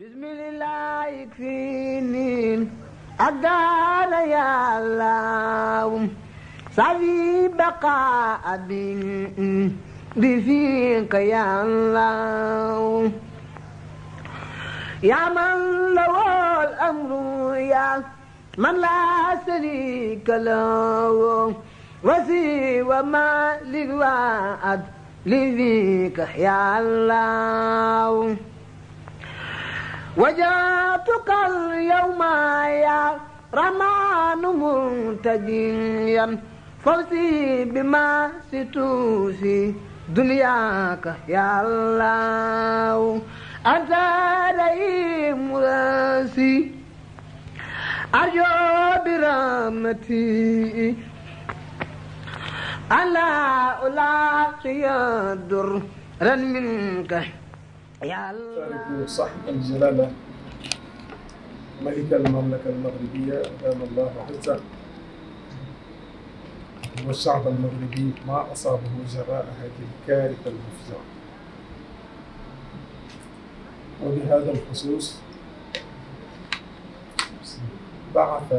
bismillah fii niin ak daara yàllaaw safi baqa abin bi fiik yàllaaw yaa man lawol amru yaa man laa sharika lahu wasi wa ma lil waad li fiik yàllaaw وجاتك اليوم يا رمان مرتجيا فوزي بما ستوفي دنياك يا الله أنت لي مراسي أرجو برحمتي ألا ألاقي الدر رن منك يلا صاحب الجلالة ملك المملكة المغربية أدام الله عزه والشعب المغربي ما أصابه جراء هذه الكارثة المفجعة وبهذا الخصوص بعث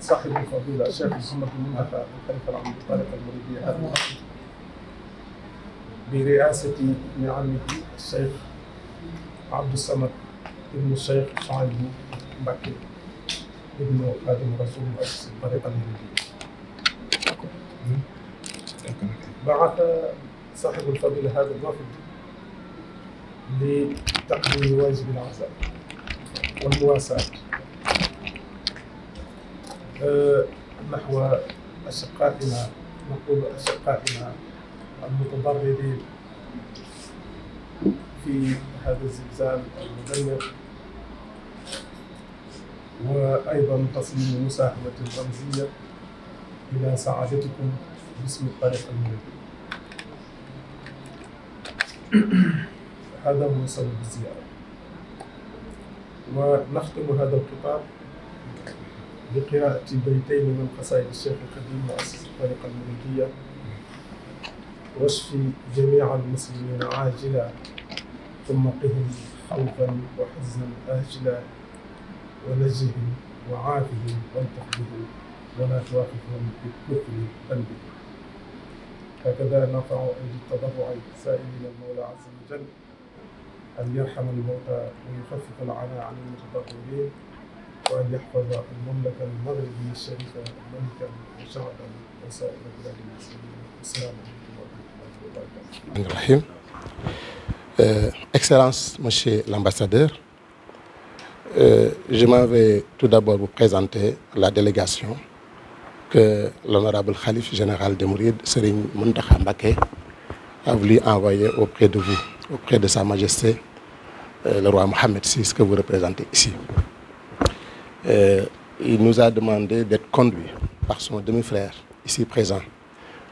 صاحب الفضيلة الشيخ محمد بن الخليفة العام للطريقة المغربية برئاسة ابن عمه الشيخ عبد الصمد ابن الشيخ شعيب مبكي ابن خادم رسول مؤسس الطريقة الهندية. بعث صاحب الفضيلة هذا الوفد لتقديم واجب العزاء والمواساة نحو أشقائنا نقول أشقائنا المتضررين في هذا الزلزال المدمر وأيضا تصميم مساهمة رمزية إلى سعادتكم باسم الطريق المنبه هذا هو سبب الزيارة ونختم هذا الخطاب بقراءة بيتين من قصائد الشيخ القديم مؤسس الطريقة المريدية واشف جميع المسلمين عاجلا ثم قهم خوفا وحزنا آجلا ونجهم وعافهم والطف بهم ولا توافقهم بالكفر قلبي هكذا نرفع أيدي التضرع سائلين المولى عز وجل أن يرحم الموتى ويخفف العناء عن المتضررين وأن يحفظ المملكة المغربية الشريفة ملكا وشعبا وسائر بلاد المسلمين والسلام عليكم Rahim. Euh, Excellence, Monsieur la euh, je m'en vais tout d'abord vous présenter la délégation que l'honorable Khalif général des Mourides, Serigne Mountakha Mbacké, a voulu envoyer auprès de vous, de Sa Majesté euh, le roi Mohamed VI que vous représentez ici. Euh, il nous a demandé d'être conduit par son demi-frère ici présent,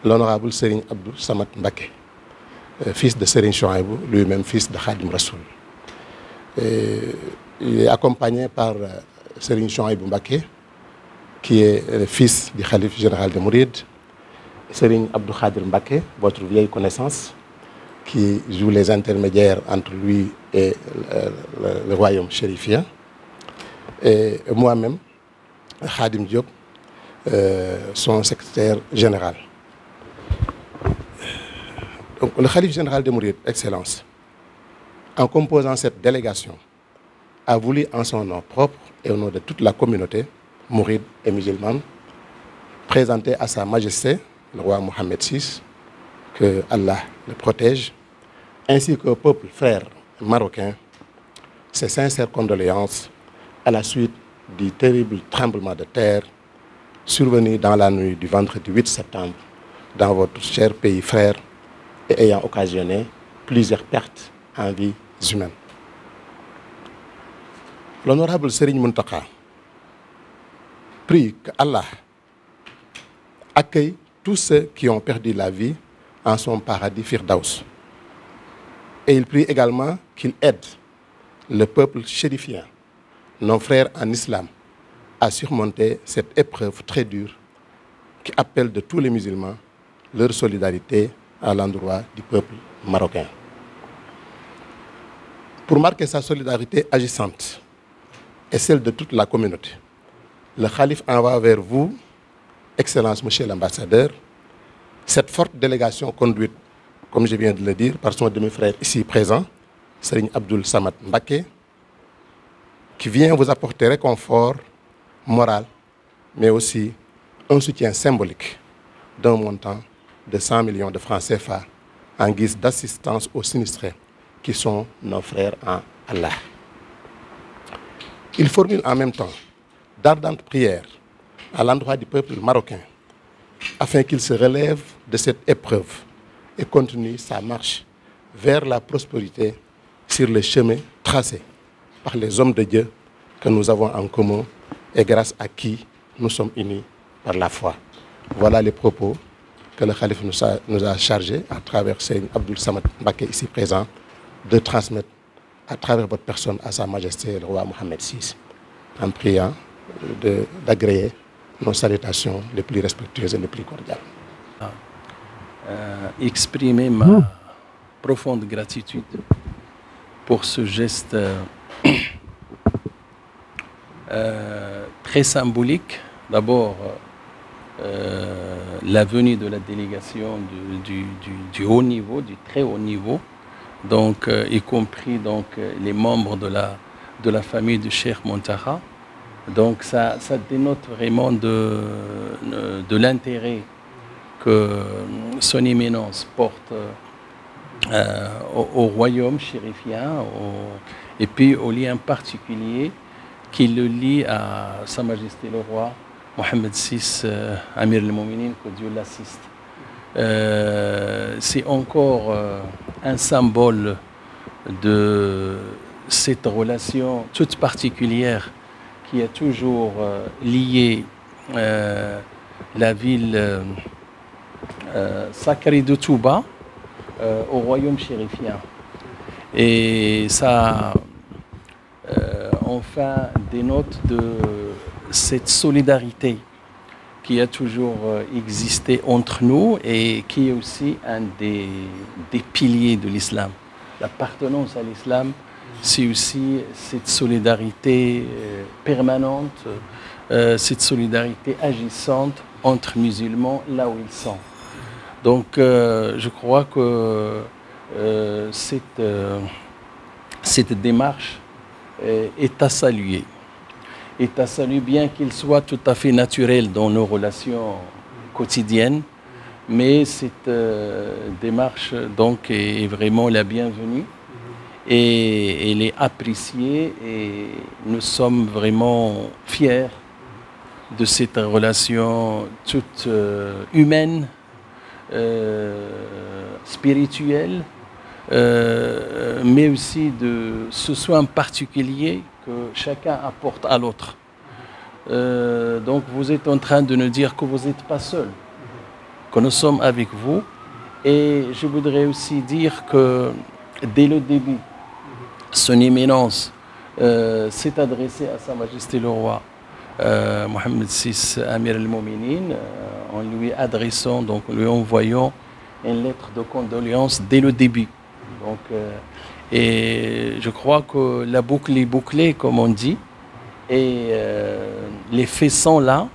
l'honorable Serigne Abdou Samad Mbacké Euh, fils de Serigne Chouaïbou, lui-même fils de Khadim Rassoul. Euh, il est accompagné par euh, Serigne Chouaïbou Mbacké, qui est le fils du khalife général de Mouride, Serigne Abdou Khadir Mbacké, votre vieille connaissance, qui joue les intermédiaires entre lui et le, le, le royaume chérifien. Et moi-même, Khadim Diop, euh, son secrétaire général. Donc le Khalife général des Mourides, Excellence, en composant cette délégation, a voulu en son nom propre et au nom de toute la communauté mouride et musulmane présenter à Sa Majesté, le roi Mohamed VI, que Allah le protège, ainsi qu'au peuple frère marocain, ses sincères condoléances à la suite du terrible tremblement de terre survenu dans la nuit du vendredi 8 septembre dans votre cher pays frère et ayant occasionné plusieurs pertes en vies humaines. L'honorable Serigne Muntaka prie que accueille tous ceux qui ont perdu la vie en son paradis Firdaus. Et il prie également qu'il aide le peuple chérifien, nos frères en islam, à surmonter cette épreuve très dure qui appelle de tous les musulmans leur solidarité à l'endroit du peuple marocain. Pour marquer sa solidarité agissante et celle de toute la communauté, le Khalife envoie vers vous, Excellence Monsieur l'Ambassadeur, cette forte délégation conduite, comme je viens de le dire, par son demi-frère ici présent, Serigne Abdoul Samad Mbacké, qui vient vous apporter réconfort moral, mais aussi un soutien symbolique d'un montant de 100 millions de francs CFA en guise d'assistance aux sinistrés qui sont nos frères en Allah. Il formule en même temps d'ardentes prières à l'endroit du peuple marocain afin qu'il se relève de cette épreuve et continue sa marche vers la prospérité sur le chemin tracé par les hommes de Dieu que nous avons en commun et grâce à qui nous sommes unis par la foi. Voilà les propos que le calife nous a, nous a chargé, à travers Seigne Abdul Samad Mbaké, ici présent, de transmettre à travers votre personne à Sa Majesté le roi Mohamed VI, en priant d'agréer nos salutations les plus respectueuses et les plus cordiales. Ah, euh, exprimer ma mmh. profonde gratitude pour ce geste euh, euh, très symbolique. D'abord, euh, Euh, la venue de la délégation du, du, du, du, haut niveau, du très haut niveau, donc, euh, y compris donc, euh, les membres de la, de la famille du Cheikh Montara. Donc ça, ça dénote vraiment de, de l'intérêt que son éminence porte euh, au, au, royaume chérifien au, et puis au lien particulier qui le lie à Sa Majesté le Roi Mohamed VI, euh, Amir al-Mouminin, que Dieu l'assiste. Euh, c'est encore euh, un symbole de cette relation toute particulière qui a toujours euh, lié euh, la ville sacrée de Touba au royaume chérifien. Et ça, enfin, dénote de cette solidarité qui a toujours euh, existé entre nous et qui est aussi un des, des piliers de l'islam. L'appartenance à l'islam, c'est aussi cette solidarité euh, permanente, euh, cette solidarité agissante entre musulmans là où ils sont. Donc je crois que cette, cette démarche est à saluer. est un salut bien qu'il soit tout à fait naturel dans nos relations quotidiennes. Mais cette euh, démarche donc est, est vraiment la bienvenue et elle est appréciée et nous sommes vraiment fiers de cette relation toute euh, humaine, euh, spirituelle, euh, mais aussi de ce soin particulier que chacun apporte à l'autre. Euh, donc vous êtes en train de nous dire que vous n'êtes pas seul, que nous sommes avec vous. Et je voudrais aussi dire que dès le début, son éminence euh, s'est adressée à Sa Majesté le Roi euh, Mohamed VI Amir al-Mouminin euh, en lui adressant, donc en lui envoyant une lettre de condoléance dès le début. Donc euh, Et je crois que la boucle est bouclée, comme on dit. Et euh, les faits sont là.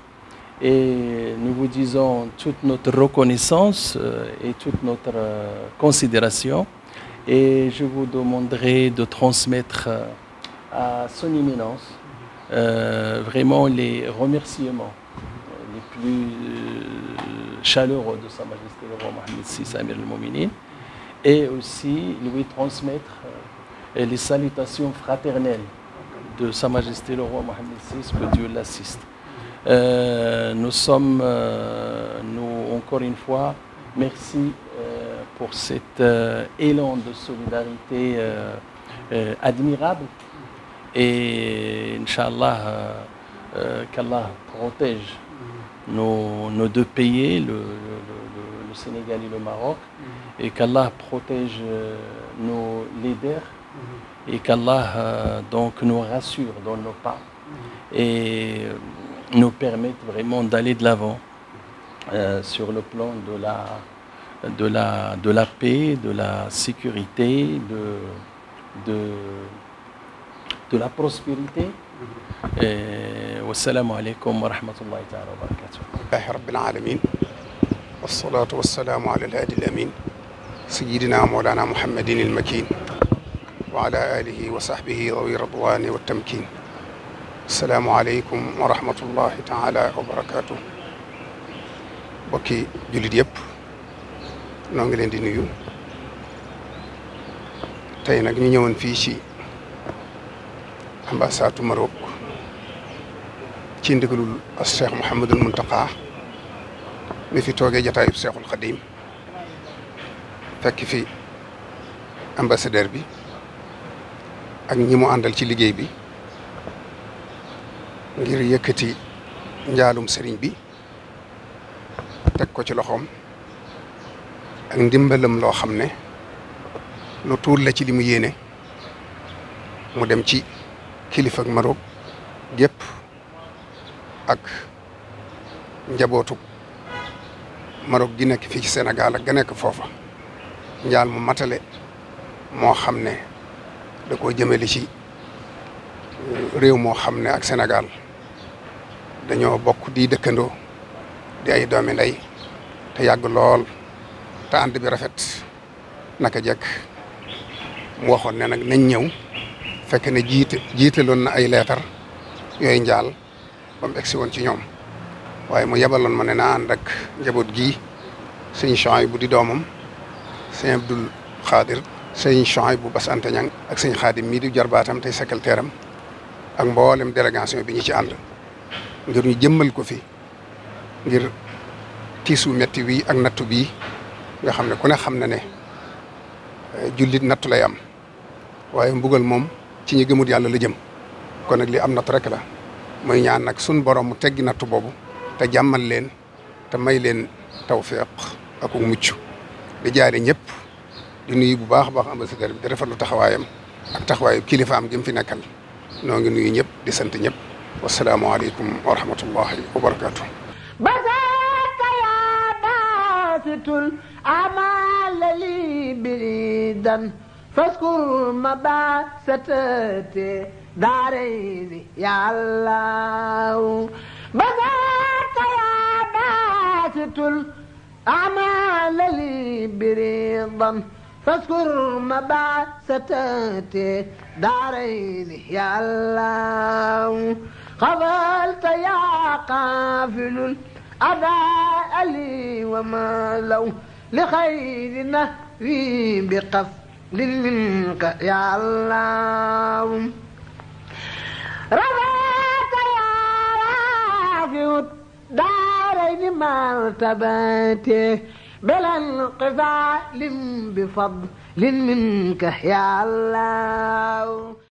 Et nous vous disons toute notre reconnaissance euh, et toute notre euh, considération. Et je vous demanderai de transmettre euh, à son éminence euh, vraiment les remerciements les plus chaleureux de Sa Majesté le roi Mohamed VI Amir al-Mouminin. et aussi lui transmettre euh, les salutations fraternelles de Sa Majesté le roi Mohamed VI, que Dieu l'assiste. Euh, nous sommes, euh, nous, encore une fois, merci euh, pour cet euh, élan de solidarité euh, admirable. Et Inch'Allah, qu'Allah protège nos, nos, deux pays, le, le Sénégal et le Maroc, et qu'Allah protège euh, nos leaders, mhm. et qu'Allah euh, donc nous rassure dans nos pas, et euh, nous permette vraiment d'aller de l'avant euh, sur le plan de la, de, la, de la paix, de la sécurité, de, de, de la prospérité. Mhm. wassalaamu aleykum wa rahmatullahi taala wa barakatuh. Alhamdulillahi rabbil alamin. wasalaatu wasalaamu ala alhaadi alamin sayidina moolana muhammadin ilmakin wa ala alihi wa sahbihi dawi radwani wa tamkin asalaamu aleykum wa rahmatullahi taala wa barakatuh bokki jullit yëpp noo ngi leen di nuyu tey nag ñu ñëwoon fii ci ambassade Maroc ci ndigalul Cheikh Mouhamadul Muntaqa mi fi toogee jataayub seexul xadim fekk fi ambassadeur bi ak ñi mu àndal ci liggéey bi ngir yëkkati njaalum sëriñ bi teg ko ci loxoom ak ndimbalam loo xam ne lu tuur la ci limu yéene mu dem ci kilifa ak Maroc gépp ak njabootu Maroc gi nekk fii ci Sénégal ak ga nekk foofa njaal mu matale moo xam ne da koo jëmeli ci euh, réew moo xam ne ak senegal dañoo bokk di dëkkandoo di ay doomi ndey te yàgg lool te ànd bi rafet naka jekk mu waxoon ne nag nañ ñëw fekk ne jiite jiitaloon na ay leetar yooyu njaal ba mu egsi woon ci ñoom waaye mu yebaloon ma ne na ànd ak njaboot gii sëñ Chouaïb bu di doomam sëñ Abdul Xaadir sëñ Chouaïb bu Bass Anta Ñang ak sëñ Xaadim mii di jarbaatam tey secrétaire am ak mboolem délégation bi ñu ci ànd ngir ñu jëmmal ko fi ngir tiisu metti wi ak nattu bi nga xam ne ku ne xam ne ne eh, jullit nattu lay am waaye mbugal moom ci ñu gëmut yàlla la jëm kon nag li am nattu rek la mooy ñaan ak sun borom mu teggi nattu boobu te jàmmal leen te may leen tawféq ak mucc di jaare ñëpp di nuyu bu baax a baax ambassadeur bi di rafetlu taxawaayam ak taxawaayu kilifaam gi mu fi nekkal noo ngi nuyu ñëpp di sant ñëpp wasalaamaaleykum wa wa barakaatu. basaka yaa baasitul amaala li biridan faskur mabasatati daarayni ya allah باسط الأعمال لي بريضا فاذكر مبعثتات دارين يا الله قبلت يا قافل الأداء لي وما لو لخيرنا في بقف منك يا الله رضاك يا رافع الدار الدارين مرتبتي بلا انقفال بفضل منك يا الله